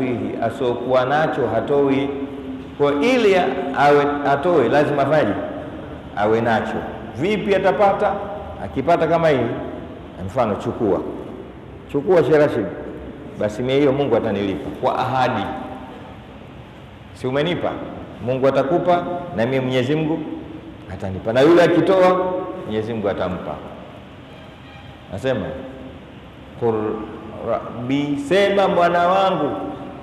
yutihi, asiokuwa nacho hatoi. Kwa ili awe atoe lazima afanye awe nacho. Vipi atapata? Akipata kama hii, mfano chukua chukua, Sheikh Rashid, basi mimi hiyo Mungu atanilipa kwa ahadi, si umenipa Mungu atakupa na mimi Mwenyezi Mungu atanipa, na yule akitoa Mwenyezi Mungu atampa. Nasema qur rabbi, sema mwana wangu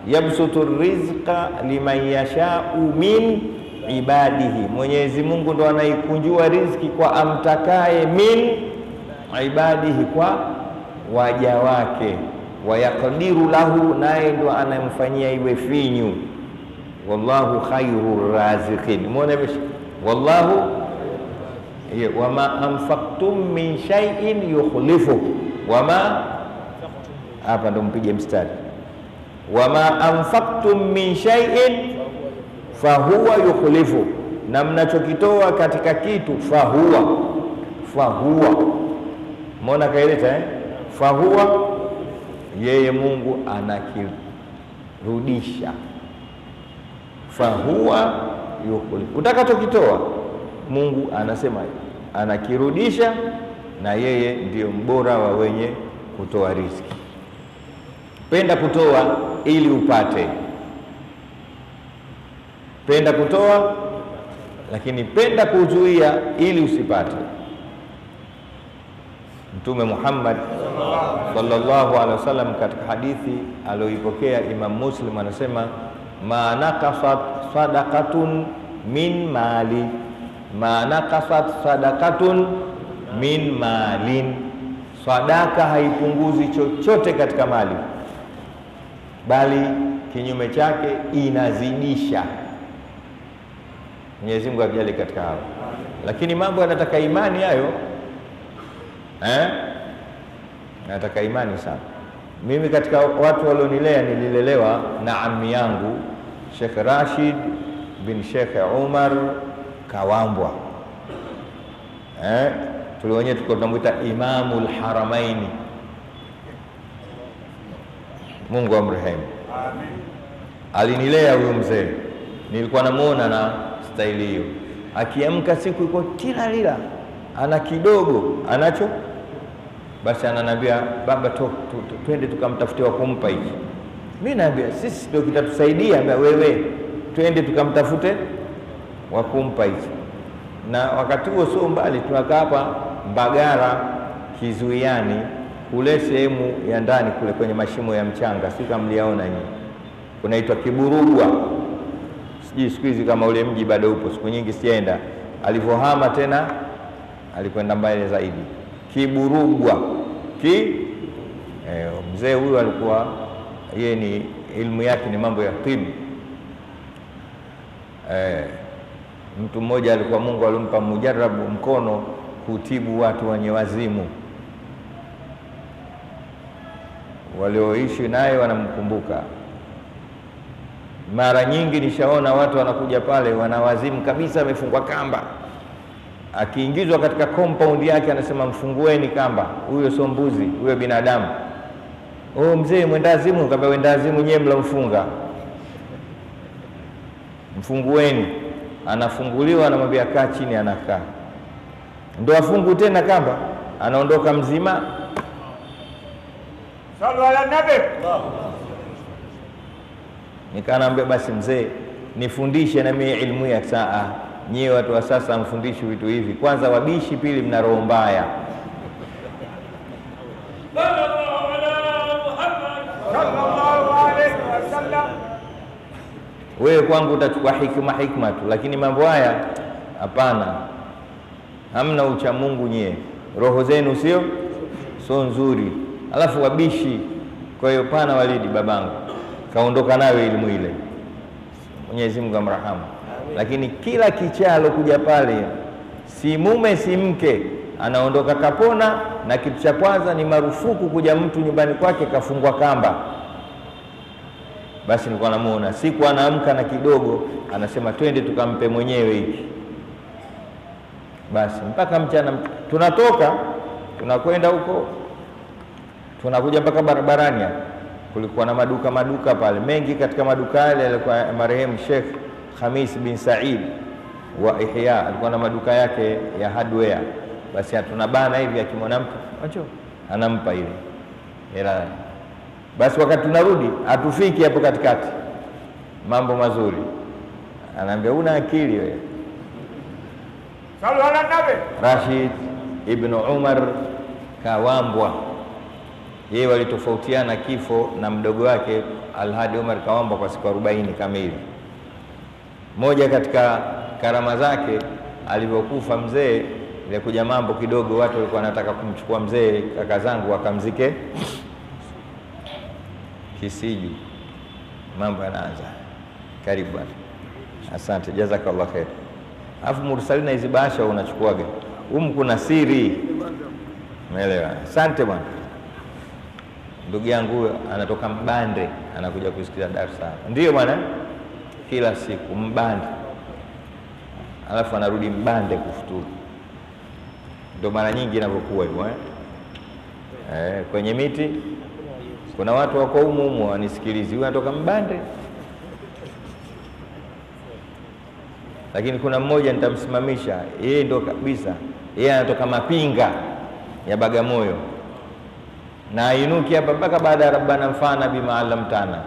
yabsutu rizqa liman yashau min ibadihi, Mwenyezi Mungu ndo anaikunjua riziki kwa amtakaye, min ibadihi, kwa waja wake, wayakdiru lahu, naye ndo anamfanyia iwe finyu. Wallahu khairu raziqin. Muone wallahu wama anfaqtum min shay'in yukhlifu wama, hapa ndo mpige mstari wama anfaqtum min shay'in fahuwa yukhlifu, na mnachokitoa katika kitu fahuwa fahuwa, mona kaileta eh? fahuwa yeye Mungu anakirudisha, fahuwa yukhlifu, utakachokitoa Mungu anasema anakirudisha, na yeye ndiyo mbora wa wenye kutoa riziki. Penda kutoa ili upate, penda kutoa lakini penda kuzuia ili usipate. Mtume Muhammad sallallahu alaihi wasallam katika hadithi aliyoipokea Imam Muslim anasema, ma nakasat sadaqatun min mali, ma nakasat sadaqatun min malin, sadaka haipunguzi chochote katika mali bali kinyume chake inazidisha. Mwenyezi Mungu ajali katika hapo, lakini mambo yanataka imani hayo eh? Nataka imani sana. Mimi katika watu walionilea nililelewa na ammi yangu Sheikh Rashid bin Sheikh Umar Kawambwa eh? Tuliwenyewe tunamwita Imamul Haramaini Mungu amrehemu. Alinilea huyo mzee, nilikuwa namuona na staili hiyo, akiamka siku iko kila lila ana kidogo anacho, basi ananiambia baba, twende tukamtafute wa kumpa hiki. mi naambia sisi ndio kitatusaidia wewe, twende tukamtafute wa kumpa hiki. Na wakati huo sio mbali, tunakaa hapa Mbagara Kizuiani kule sehemu ya ndani kule kwenye mashimo ya mchanga, si kama mliaona nyinyi, kunaitwa Kiburugwa. Sijui siku hizi kama ule mji bado upo, siku nyingi sienda. Alivyohama tena alikwenda mbali zaidi, Kiburugwa ki eh, mzee huyu alikuwa yeye ni elimu yake ni mambo ya tibu eh, mtu mmoja alikuwa Mungu alimpa mujarabu mkono kutibu watu wenye wazimu. walioishi naye wanamkumbuka. Mara nyingi nishaona watu wanakuja pale, wanawazimu kabisa, amefungwa kamba, akiingizwa katika compound yake anasema mfungueni kamba, huyo sio mbuzi, huyo binadamu. Oh, mzee mwendazimu. Kaambia wendazimu nyewe mlomfunga, mfungueni. Anafunguliwa, anamwambia kaa chini, anakaa. Ndo afungu tena kamba, anaondoka mzima Sallu ala nabi. Nikanaambia basi mzee, nifundishe na mimi ilmu ya saa. Nyie watu wa sasa mfundishi vitu hivi, kwanza wabishi, pili mna roho mbaya. Wewe kwangu utachukua hikma hikma tu, lakini mambo haya hapana, hamna ucha Mungu nyie, roho zenu sio sio nzuri alafu wabishi. Kwa hiyo pana Walidi babangu kaondoka nayo elimu ile, Mwenyezi Mungu amrahamu. Lakini kila kichalo kuja pale, si mume si mke, anaondoka kapona, na kitu cha kwanza ni marufuku kuja mtu nyumbani kwake kafungwa kamba. Basi nilikuwa namuona siku anaamka na kidogo, anasema twende tukampe mwenyewe hiki. Basi mpaka mchana tunatoka tunakwenda huko Tunakuja mpaka barabarani hapa, kulikuwa na maduka maduka pale mengi. Katika maduka yale alikuwa marehemu Sheikh Khamis bin Said wa Ihya, alikuwa na maduka yake ya hardware. Basi tunabana hivi, akimwona mtu acho anampa ile hela. Basi wakati tunarudi hatufiki hapo katikati, mambo mazuri, anaambia una akili wewe Rashid ibn Umar Kawambwa Je, walitofautiana kifo na mdogo wake Alhadi umar Kawamba kwa siku arobaini kamili. Moja katika karama zake alivyokufa mzee, ilikuja mambo kidogo, watu walikuwa wanataka kumchukua mzee kaka zangu wakamzike Kisiju. Mambo yanaanza karibu bwana. Asante, jazakallah khair. Alafu mursalina hizi bahasha unachukuaga humu, kuna siri, umeelewa? Asante bwana ndugu yangu huyo anatoka Mbande, anakuja kusikiliza darsa hapa. Ndio bwana, kila siku Mbande, alafu anarudi Mbande kufuturu. Ndio mara nyingi inavyokuwa hivyo eh, eh kwenye miti kuna watu wako humu humu wanisikilizi, huyu anatoka Mbande. Lakini kuna mmoja nitamsimamisha, yeye ndo kabisa, yeye anatoka Mapinga ya Bagamoyo na ainuki hapa mpaka baada ya rabbana mfana bima allamtana,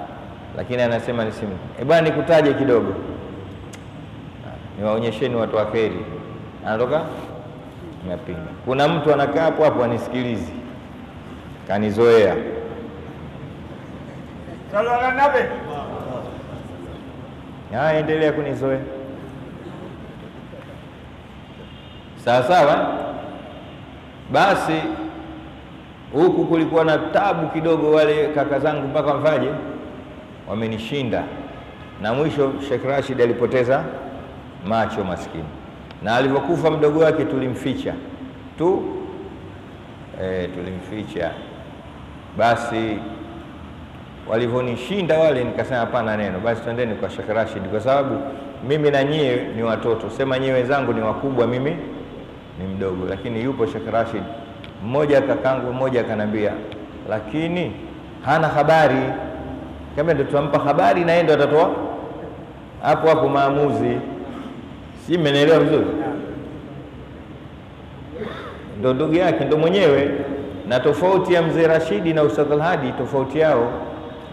lakini anasema ni simu eh, bwana, nikutaje kidogo, niwaonyesheni watu wa kheri. Anatoka napinga. Kuna mtu anakaa hapo hapo anisikilizi, kanizoea aendelea ah, endelea sawa sawa basi Huku kulikuwa na tabu kidogo, wale kaka zangu mpaka mfaje wamenishinda, na mwisho Sheikh Rashid alipoteza macho maskini, na alivyokufa mdogo wake tulimficha tu e, tulimficha basi walivyonishinda wale, nikasema hapana neno, basi twendeni kwa Sheikh Rashid, kwa sababu mimi na nyie ni watoto, sema nyie wenzangu ni wakubwa, mimi ni mdogo, lakini yupo Sheikh Rashid mmoja kakangu mmoja akanambia, lakini hana habari. Kama ndo tutampa habari na yeye ndo atatoa hapo hapo maamuzi, si mmenielewa vizuri? Ndo ndugu yake ndo mwenyewe, na tofauti ya mzee Rashidi na Ustadh Alhadi, tofauti yao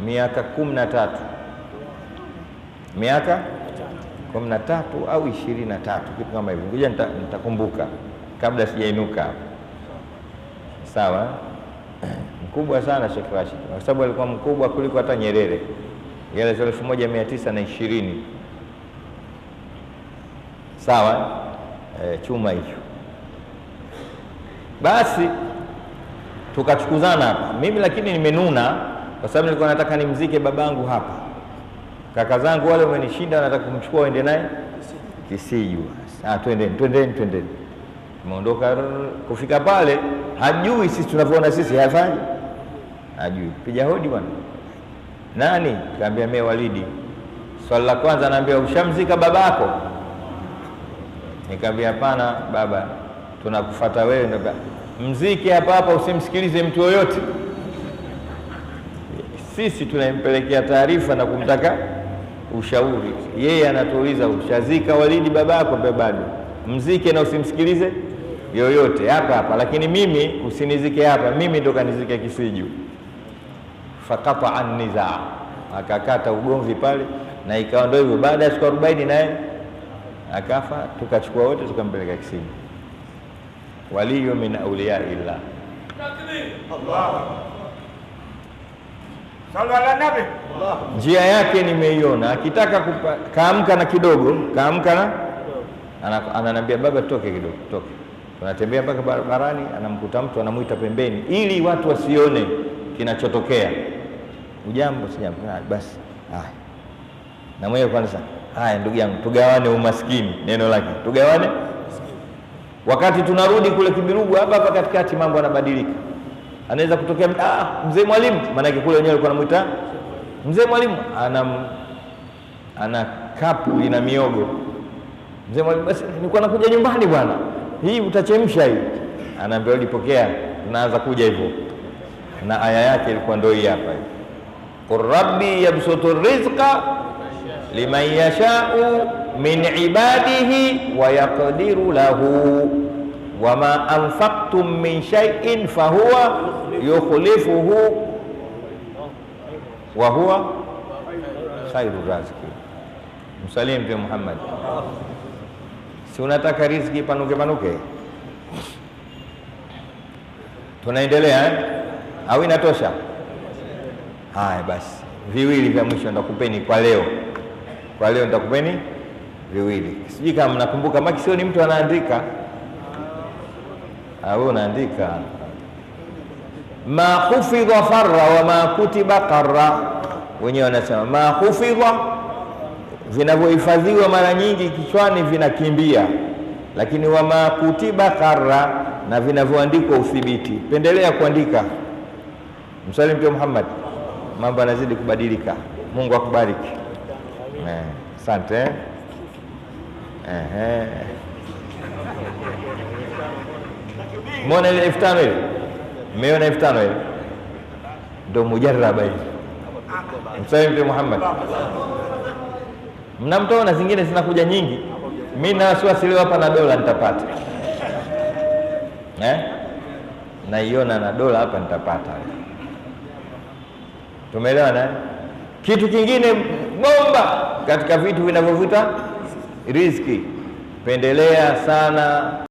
miaka kumi na tatu miaka kumi na tatu au ishirini na tatu kitu kama hivyo. Ngoja nitakumbuka kabla sijainuka hapo sawa, eh? mkubwa sana Sheikh Rashid, kwa sababu alikuwa mkubwa kuliko hata Nyerere. Yale za elfu moja mia tisa na ishirini sawa, e, chuma hicho. Basi tukachukuzana hapa mimi, lakini nimenuna kwa sababu nilikuwa nataka nimzike babangu hapa. Kaka zangu wale wamenishinda, nataka kumchukua uende naye kisijua Ah, twendeni twendeni twendeni Tumeondoka kufika pale, hajui sisi tunavyoona sisi, hafanyi hajui. Piga hodi bwana, nani? Kaambia mimi Walidi. Swali la kwanza naambia, ushamzika babako? Nikaambia hapana baba, tunakufuata wewe. Ndio mzike hapa hapa, usimsikilize mtu yoyote. Sisi tunampelekea taarifa na kumtaka ushauri, yeye anatuuliza ushazika Walidi babako? Bado mzike na usimsikilize yoyote hapa hapa, lakini mimi usinizike hapa, mimi ndo kanizike kisiju. Fakata an akakata ugomvi pale na ikawa ndo hivyo. Baada ya siku arobaini naye akafa, tukachukua wote tukampeleka kisiju. Waliyu min auliya njia yake nimeiona, akitaka kaamka na kidogo, kaamka na ananiambia, baba toke kidogo, toke Anatembea mpaka barabarani, anamkuta mtu anamwita pembeni, ili watu wasione kinachotokea. Ujambo? Sijambo? Basi ah. na mwenyewe kwanza. Haya, ndugu yangu, tugawane umaskini, neno lake tugawane. Wakati tunarudi kule Kibirugu, hapa hapa katikati, mambo yanabadilika. Anaweza kutokea ah, mzee mwalimu, maanake kule wenyewe alikuwa anamuita mzee mwalimu, ana ana kapu lina miogo. Mzee mwalimu, basi nilikuwa nakuja nyumbani bwana hii utachemsha hii, anaambia ulipokea, tunaanza kuja hivyo, na aya yake ilikuwa ndio hii hapa, qur rabbi yabsutu rizqa liman yashau min ibadihi wa yaqdiru lahu wama anfaqtum min shay'in fahuwa yukhlifuhu wa huwa khairu raziqin. Msalie Mtume Muhammad si unataka riziki panuke panuke. Tunaendelea eh? au inatosha? Haya basi, viwili vya mwisho nitakupeni kwa leo, kwa leo nitakupeni viwili. Sijui kama mnakumbuka, maki sio ni mtu anaandika au ah, unaandika. Ma hufidha farra wa ma kutiba qarra, wenyewe wanasema ma hufidha vinavyohifadhiwa mara nyingi kichwani vinakimbia, lakini wama kutiba karra, na vinavyoandikwa uthibiti. Pendelea kuandika, msali Mtume Muhammad, mambo yanazidi kubadilika. Mungu akubariki. Eh, asante eh, eh. Mona ile elfu tano ile mmeona, elfu tano ile ndo mujaraba, msali Mtume Muhammad na zingine zinakuja nyingi. Mi na wasiwasi hapa na dola nitapata eh? naiona na dola hapa nitapata. Tumeelewana. Eh? Kitu kingine bomba katika vitu vinavyovuta riziki, pendelea sana